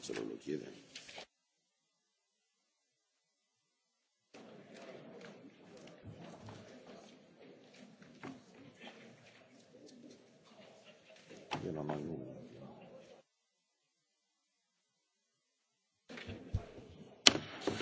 Se lo quieren. Io non ho